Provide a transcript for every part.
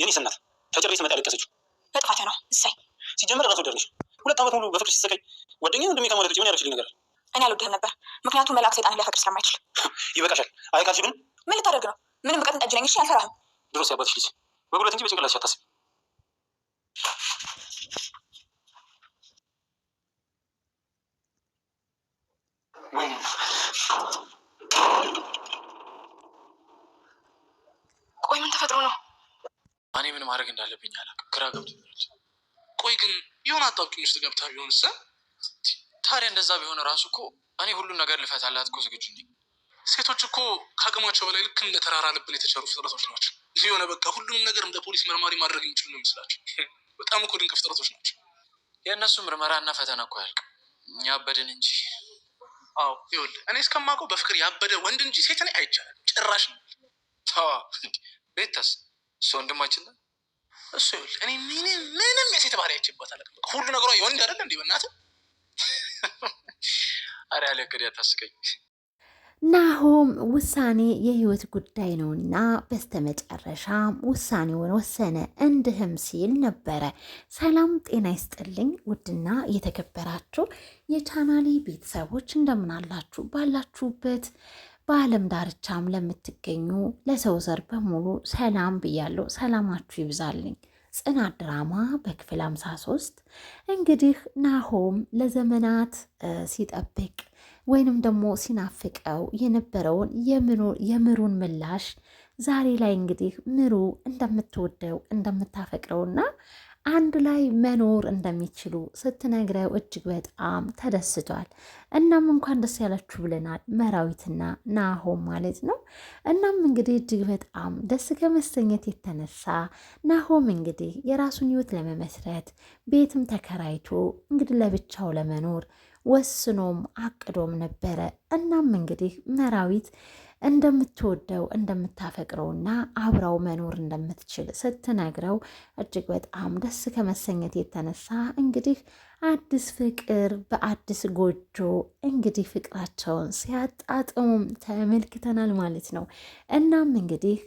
የኔ ስናት ተጭሬ ስመጣ ያለቀሰችው በጥፋት ነው። እሰይ ሲጀመር ራሱ ደርሽ ሁለት ዓመት ሙሉ በፍቅር ሲሰቀኝ ጓደኛ ወንድሜ ከማለት ውጭ ምን ያረችልኝ ነገር እኔ አልወድህም ነበር፣ ምክንያቱም መልአክ ሰይጣን ሊያፈቅር ስለማይችል። ይበቃሻል። አይ ካልሽ ግን ምን ልታደርግ ነው? ምንም ብቀት እንጠጅለኝ። እሺ አልፈራህም። ድሮ ሲያባትሽ ልጅ በጉለት እንጂ በጭንቅላት ሲያታስብ ወይኔ ማድረግ እንዳለብኝ አላውቅም። ግራ ገብቶኛል። ቆይ ግን የሆነ አጣብቂኝ ውስጥ ገብታ ቢሆን ቢሆንስ? ታዲያ እንደዛ ቢሆን ራሱ እኮ እኔ ሁሉን ነገር ልፈታላት እኮ ዝግጁ ነኝ። ሴቶች እኮ ከአቅማቸው በላይ ልክ እንደ ተራራ ልብን የተቸሩ ፍጥረቶች ናቸው። የሆነ በቃ ሁሉንም ነገር እንደ ፖሊስ መርማሪ ማድረግ የሚችሉ ነው ይመስላቸው። በጣም እኮ ድንቅ ፍጥረቶች ናቸው። የእነሱ ምርመራ እና ፈተና እኮ ያልቅ ያበድን እንጂ አዎ፣ ይኸውልህ እኔ እስከማውቀው በፍቅር ያበደ ወንድ እንጂ ሴት እኔ አይቻልም ጭራሽ። ተዋ ቤታስ እሱ ወንድማችን ነው። እሱ ይኸውልህ፣ እኔ ምንም ምንም የሴት ባህሪ አይቼበት አላውቅም። ሁሉ ነገሯ የወንድ አይደል እንዴ? በእናትህ አሪ ያለ እቅድ ያታስቀኝ። ናሆም ውሳኔ የህይወት ጉዳይ ነውና በስተመጨረሻ ውሳኔውን ወሰነ። እንድህም ሲል ነበረ። ሰላም ጤና ይስጥልኝ። ውድና የተከበራችሁ የቻናሌ ቤተሰቦች እንደምናላችሁ ባላችሁበት በዓለም ዳርቻም ለምትገኙ ለሰው ዘር በሙሉ ሰላም ብያለሁ። ሰላማችሁ ይብዛልኝ። ጽናት ድራማ በክፍል 53 እንግዲህ ናሆም ለዘመናት ሲጠብቅ ወይንም ደግሞ ሲናፍቀው የነበረውን የምሩን ምላሽ ዛሬ ላይ እንግዲህ ምሩ እንደምትወደው እንደምታፈቅረውና አንድ ላይ መኖር እንደሚችሉ ስትነግረው እጅግ በጣም ተደስቷል። እናም እንኳን ደስ ያላችሁ ብለናል መራዊትና ናሆም ማለት ነው። እናም እንግዲህ እጅግ በጣም ደስ ከመሰኘት የተነሳ ናሆም እንግዲህ የራሱን ሕይወት ለመመስረት ቤትም ተከራይቶ እንግዲህ ለብቻው ለመኖር ወስኖም አቅዶም ነበረ። እናም እንግዲህ መራዊት እንደምትወደው እንደምታፈቅረውና አብረው መኖር እንደምትችል ስትነግረው እጅግ በጣም ደስ ከመሰኘት የተነሳ እንግዲህ አዲስ ፍቅር በአዲስ ጎጆ እንግዲህ ፍቅራቸውን ሲያጣጥሙም ተመልክተናል ማለት ነው። እናም እንግዲህ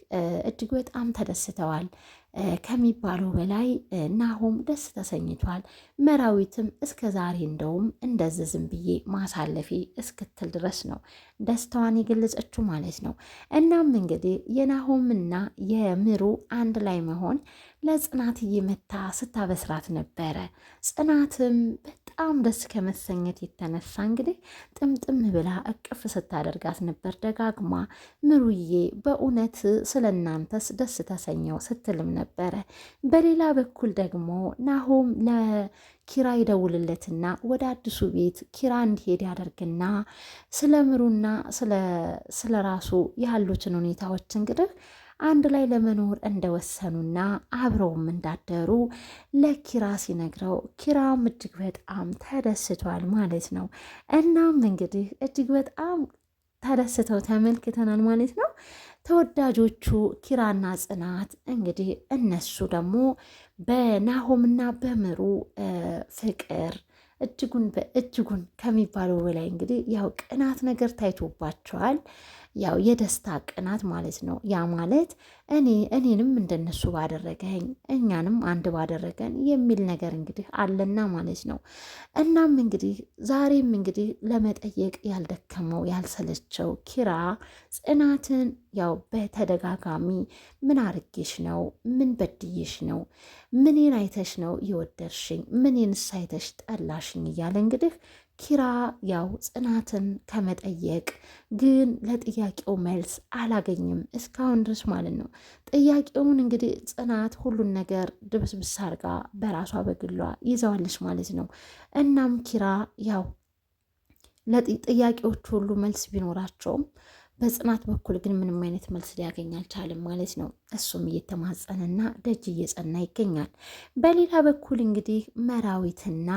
እጅግ በጣም ተደስተዋል ከሚባለው በላይ ናሆም ደስ ተሰኝቷል። መራዊትም እስከ ዛሬ እንደውም እንደዚ ዝም ብዬ ማሳለፌ እስክትል ድረስ ነው ደስታዋን የገለጸችው ማለት ነው። እናም እንግዲህ የናሆምና የምሩ አንድ ላይ መሆን ለጽናት እየመታ ስታበስራት ነበረ። ጽናትም በጣም ደስ ከመሰኘት የተነሳ እንግዲህ ጥምጥም ብላ እቅፍ ስታደርጋት ነበር ደጋግማ። ምሩዬ በእውነት ስለ እናንተስ ደስ ተሰኘው ስትልም ነበረ። በሌላ በኩል ደግሞ ናሆም ለ ኪራ ይደውልለትና ወደ አዲሱ ቤት ኪራ እንዲሄድ ያደርግና ስለ ምሩና ስለ ራሱ ያሉትን ሁኔታዎች እንግዲህ አንድ ላይ ለመኖር እንደወሰኑና አብረውም እንዳደሩ ለኪራ ሲነግረው ኪራም እጅግ በጣም ተደስቷል ማለት ነው። እናም እንግዲህ እጅግ በጣም ተደስተው ተመልክተናል ማለት ነው። ተወዳጆቹ ኪራና ጽናት እንግዲህ እነሱ ደግሞ በናሆምና በምሩ ፍቅር እጅጉን በእጅጉን ከሚባለው በላይ እንግዲህ ያው ቅናት ነገር ታይቶባቸዋል። ያው የደስታ ቅናት ማለት ነው። ያ ማለት እኔ እኔንም እንደነሱ ባደረገኝ እኛንም አንድ ባደረገን የሚል ነገር እንግዲህ አለና ማለት ነው። እናም እንግዲህ ዛሬም እንግዲህ ለመጠየቅ ያልደከመው ያልሰለቸው ኪራ ጽናትን ያው በተደጋጋሚ ምን አርጌሽ ነው? ምን በድዬሽ ነው? ምኔን አይተሽ ነው የወደድሽኝ? ምኔን ሳይተሽ ጠላሽኝ? እያለ እንግዲህ ኪራ ያው ጽናትን ከመጠየቅ ግን ለጥያቄው መልስ አላገኝም እስካሁን ድረስ ማለት ነው። ጥያቄውን እንግዲህ ጽናት ሁሉን ነገር ድብስብስ አርጋ በራሷ በግሏ ይዘዋለች ማለት ነው። እናም ኪራ ያው ለጥያቄዎች ሁሉ መልስ ቢኖራቸውም በጽናት በኩል ግን ምንም አይነት መልስ ሊያገኝ አልቻለም ማለት ነው። እሱም እየተማጸነና ደጅ እየጸና ይገኛል። በሌላ በኩል እንግዲህ መራዊትና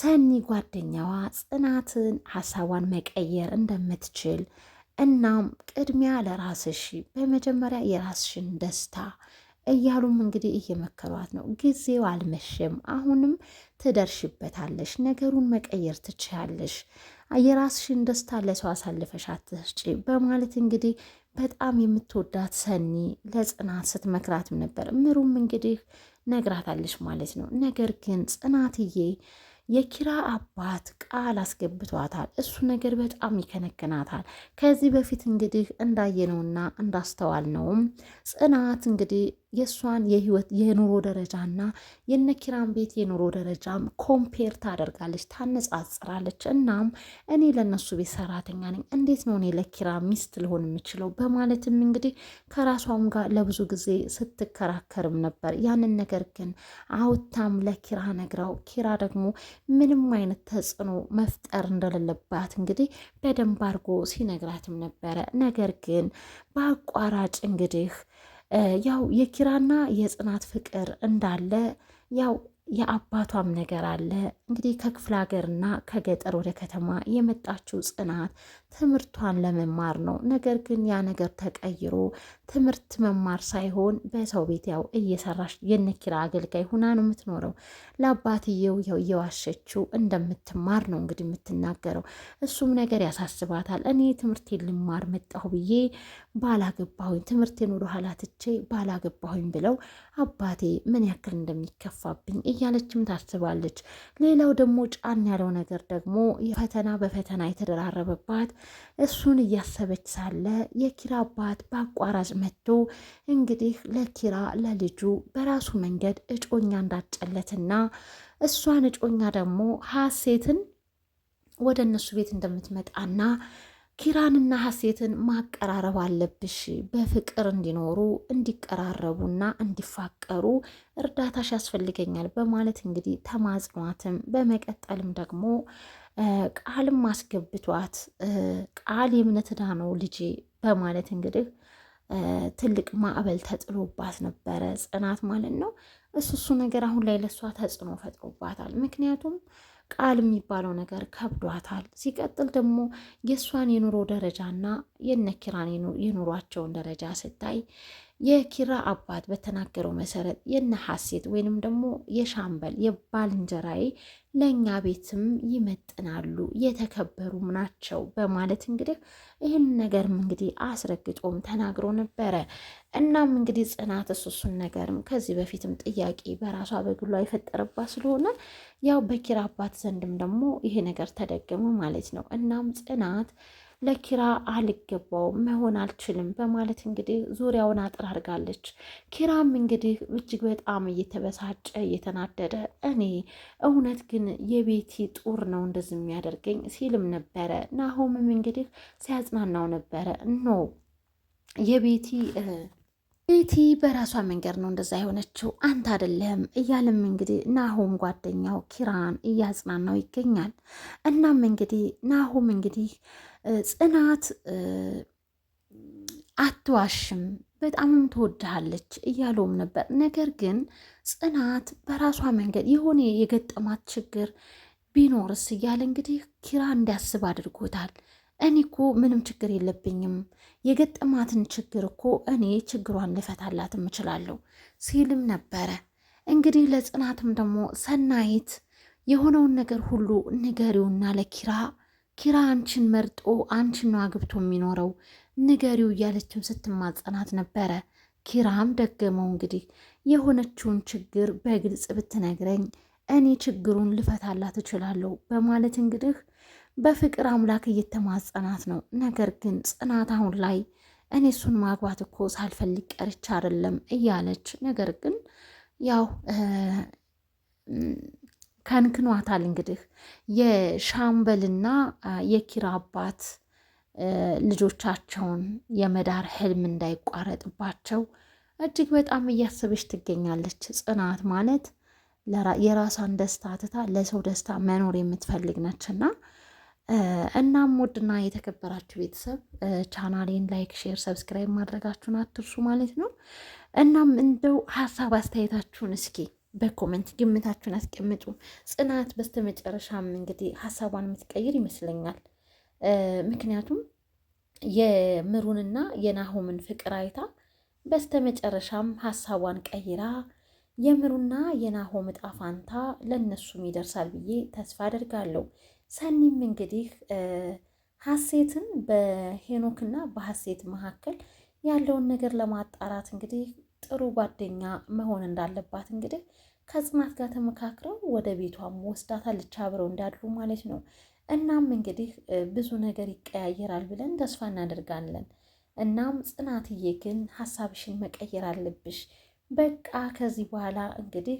ሰኒ ጓደኛዋ ጽናትን ሀሳቧን መቀየር እንደምትችል እናም ቅድሚያ ለራስሽ በመጀመሪያ የራስሽን ደስታ እያሉም እንግዲህ እየመከሯት ነው። ጊዜው አልመሸም፣ አሁንም ትደርሽበታለሽ፣ ነገሩን መቀየር ትችያለሽ የራስሽን ደስታ ለሰው አሳልፈሽ አትስጪ በማለት እንግዲህ በጣም የምትወዳት ሰኒ ለጽናት ስትመክራትም ነበር። ምሩም እንግዲህ ነግራታለች ማለት ነው። ነገር ግን ጽናትዬ የኪራ አባት ቃል አስገብቷታል። እሱ ነገር በጣም ይከነክናታል። ከዚህ በፊት እንግዲህ እንዳየነውና እንዳስተዋልነውም ጽናት እንግዲህ የእሷን የህይወት የኑሮ ደረጃና የነኪራን ቤት የኑሮ ደረጃም ኮምፔር ታደርጋለች፣ ታነጻጽራለች። እናም እኔ ለእነሱ ቤት ሰራተኛ ነኝ፣ እንዴት ነው እኔ ለኪራ ሚስት ልሆን የምችለው? በማለትም እንግዲህ ከራሷም ጋር ለብዙ ጊዜ ስትከራከርም ነበር። ያንን ነገር ግን አውታም ለኪራ ነግረው ኪራ ደግሞ ምንም አይነት ተጽዕኖ መፍጠር እንደሌለባት እንግዲህ በደንብ አድርጎ ሲነግራትም ነበረ። ነገር ግን በአቋራጭ እንግዲህ ያው የኪራና የጽናት ፍቅር እንዳለ ያው የአባቷም ነገር አለ። እንግዲህ ከክፍለ ሀገርና ከገጠር ወደ ከተማ የመጣችው ጽናት ትምህርቷን ለመማር ነው። ነገር ግን ያ ነገር ተቀይሮ ትምህርት መማር ሳይሆን በሰው ቤት ያው እየሰራች የነኪራ አገልጋይ ሁና ነው የምትኖረው። ለአባትየው ያው እየዋሸችው እንደምትማር ነው እንግዲህ የምትናገረው። እሱም ነገር ያሳስባታል። እኔ ትምህርቴን ልማር መጣሁ ብዬ ባላገባሁኝ ትምህርቴን ወደኋላ ትቼ ባላገባሁኝ ብለው አባቴ ምን ያክል እንደሚከፋብኝ እያለችም ታስባለች። ሌላው ደግሞ ጫን ያለው ነገር ደግሞ የፈተና በፈተና የተደራረበባት እሱን እያሰበች ሳለ የኪራ አባት በአቋራጭ መጥቶ እንግዲህ ለኪራ ለልጁ በራሱ መንገድ እጮኛ እንዳጨለትና እሷን እጮኛ ደግሞ ሀሴትን ወደ እነሱ ቤት እንደምትመጣና ኪራንና ሀሴትን ማቀራረብ አለብሽ። በፍቅር እንዲኖሩ እንዲቀራረቡና እንዲፋቀሩ እርዳታሽ ያስፈልገኛል በማለት እንግዲህ ተማጽኗትም በመቀጠልም ደግሞ ቃልም ማስገብቷት ቃል የእምነት ዕዳ ነው ልጄ በማለት እንግዲህ ትልቅ ማዕበል ተጥሎባት ነበረ ጽናት ማለት ነው። እሱ እሱ ነገር አሁን ላይ ለእሷ ተጽዕኖ ፈጥሮባታል። ምክንያቱም ቃል የሚባለው ነገር ከብዷታል። ሲቀጥል ደግሞ የእሷን የኑሮ ደረጃና የነኪራን የኑሯቸውን ደረጃ ስታይ የኪራ አባት በተናገረው መሰረት የነ ሀሴት ወይንም ደግሞ የሻምበል የባልንጀራዬ ለእኛ ቤትም ይመጥናሉ የተከበሩም ናቸው በማለት እንግዲህ ይህን ነገርም እንግዲህ አስረግጦም ተናግሮ ነበረ። እናም እንግዲህ ጽናት እሱሱን ነገርም ከዚህ በፊትም ጥያቄ በራሷ በግሏ የፈጠረባት ስለሆነ ያው በኪራ አባት ዘንድም ደግሞ ይሄ ነገር ተደገመ ማለት ነው። እናም ጽናት ለኪራ አልገባውም መሆን አልችልም በማለት እንግዲህ ዙሪያውን አጥራርጋለች። ኪራም እንግዲህ እጅግ በጣም እየተበሳጨ እየተናደደ እኔ እውነት ግን የቤቲ ጡር ነው እንደዚህ የሚያደርገኝ ሲልም ነበረ። ናሆምም እንግዲህ ሲያጽናናው ነበረ ኖ የቤቲ ቤቲ በራሷ መንገድ ነው እንደዛ የሆነችው አንተ አደለህም እያለም እንግዲህ ናሆም ጓደኛው ኪራን እያጽናናው ይገኛል። እናም እንግዲህ ናሆም እንግዲህ ጽናት አትዋሽም በጣምም ትወድሃለች እያለውም ነበር። ነገር ግን ጽናት በራሷ መንገድ የሆነ የገጠማት ችግር ቢኖርስ እያለ እንግዲህ ኪራ እንዲያስብ አድርጎታል። እኔ እኮ ምንም ችግር የለብኝም የገጠማትን ችግር እኮ እኔ ችግሯን ልፈታላት እችላለሁ ሲልም ነበረ። እንግዲህ ለጽናትም ደግሞ ሰናይት የሆነውን ነገር ሁሉ ንገሪውና ለኪራ ኪራ አንቺን መርጦ አንቺን ነው አግብቶ የሚኖረው ንገሪው እያለችም ስትማጸናት ነበረ። ኪራም ደገመው እንግዲህ የሆነችውን ችግር በግልጽ ብትነግረኝ እኔ ችግሩን ልፈታላት እችላለሁ በማለት እንግዲህ በፍቅር አምላክ እየተማጸናት ነው። ነገር ግን ጽናት አሁን ላይ እኔ እሱን ማግባት እኮ ሳልፈልግ ቀርቻ አይደለም እያለች ነገር ግን ያው ከንክኗታል። እንግዲህ የሻምበልና የኪራ አባት ልጆቻቸውን የመዳር ህልም እንዳይቋረጥባቸው እጅግ በጣም እያሰበች ትገኛለች። ጽናት ማለት የራሷን ደስታ ትታ ለሰው ደስታ መኖር የምትፈልግ ነችና እናም ውድና የተከበራችሁ ቤተሰብ ቻናሌን ላይክ፣ ሼር፣ ሰብስክራይብ ማድረጋችሁን አትርሱ ማለት ነው። እናም እንደው ሀሳብ አስተያየታችሁን እስኪ በኮመንት ግምታችሁን አስቀምጡ። ጽናት በስተመጨረሻም እንግዲህ ሀሳቧን የምትቀይር ይመስለኛል። ምክንያቱም የምሩንና የናሆምን ፍቅር አይታ በስተመጨረሻም ሀሳቧን ቀይራ የምሩና የናሆም እጣ ፋንታ ለእነሱም ይደርሳል ብዬ ተስፋ አደርጋለሁ። ሰኒም እንግዲህ ሀሴትን በሄኖክና በሀሴት መካከል ያለውን ነገር ለማጣራት እንግዲህ ጥሩ ጓደኛ መሆን እንዳለባት እንግዲህ ከጽናት ጋር ተመካክረው ወደ ቤቷም ወስዳታለች አብረው እንዳድሩ ማለት ነው። እናም እንግዲህ ብዙ ነገር ይቀያየራል ብለን ተስፋ እናደርጋለን። እናም ጽናትዬ ግን ሀሳብሽን መቀየር አለብሽ። በቃ ከዚህ በኋላ እንግዲህ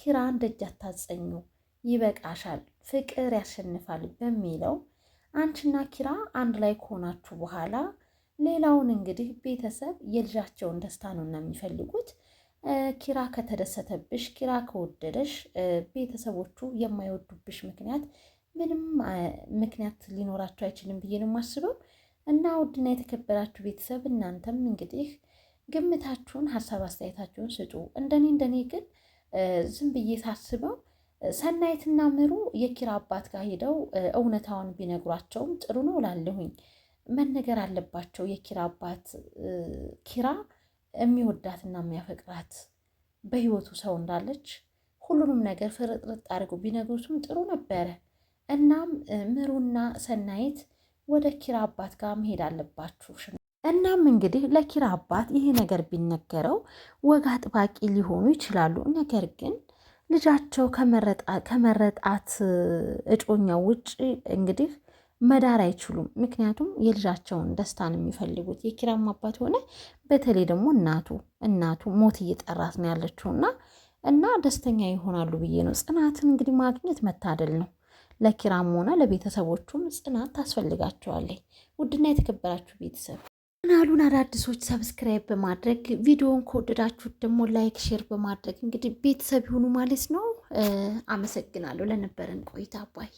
ኪራን ደጅ አታጸኙ ይበቃሻል፣ ፍቅር ያሸንፋል በሚለው አንቺና ኪራ አንድ ላይ ከሆናችሁ በኋላ ሌላውን እንግዲህ ቤተሰብ የልጃቸውን ደስታ ነው እና የሚፈልጉት። ኪራ ከተደሰተብሽ፣ ኪራ ከወደደሽ፣ ቤተሰቦቹ የማይወዱብሽ ምክንያት ምንም ምክንያት ሊኖራቸው አይችልም ብዬ ነው የማስበው። እና ውድና የተከበራችሁ ቤተሰብ እናንተም እንግዲህ ግምታችሁን፣ ሀሳብ አስተያየታችሁን ስጡ። እንደኔ እንደኔ ግን ዝም ብዬ ሳስበው ሰናይትና ምሩ የኪራ አባት ጋር ሄደው እውነታውን ቢነግሯቸውም ጥሩ ነው ላለሁኝ መነገር አለባቸው። የኪራ አባት ኪራ የሚወዳትና የሚያፈቅራት በህይወቱ ሰው እንዳለች ሁሉንም ነገር ፍርጥርጥ አድርገው ቢነግሩትም ጥሩ ነበረ። እናም ምሩና ሰናይት ወደ ኪራ አባት ጋር መሄድ አለባችሁ። እናም እንግዲህ ለኪራ አባት ይሄ ነገር ቢነገረው ወግ አጥባቂ ሊሆኑ ይችላሉ። ነገር ግን ልጃቸው ከመረጣት እጮኛው ውጭ እንግዲህ መዳር አይችሉም። ምክንያቱም የልጃቸውን ደስታ የሚፈልጉት። የኪራም አባት ሆነ በተለይ ደግሞ እናቱ እናቱ ሞት እየጠራት ነው ያለችው እና እና ደስተኛ ይሆናሉ ብዬ ነው። ጽናትን እንግዲህ ማግኘት መታደል ነው። ለኪራም ሆነ ለቤተሰቦቹም ጽናት ታስፈልጋቸዋለች። ውድና የተከበራችሁ ቤተሰብ ካናሉን አዳዲሶች ሰብስክራይብ በማድረግ ቪዲዮውን ከወደዳችሁት ደግሞ ላይክ፣ ሼር በማድረግ እንግዲህ ቤተሰብ ይሁኑ ማለት ነው። አመሰግናለሁ ለነበረን ቆይታ አባይ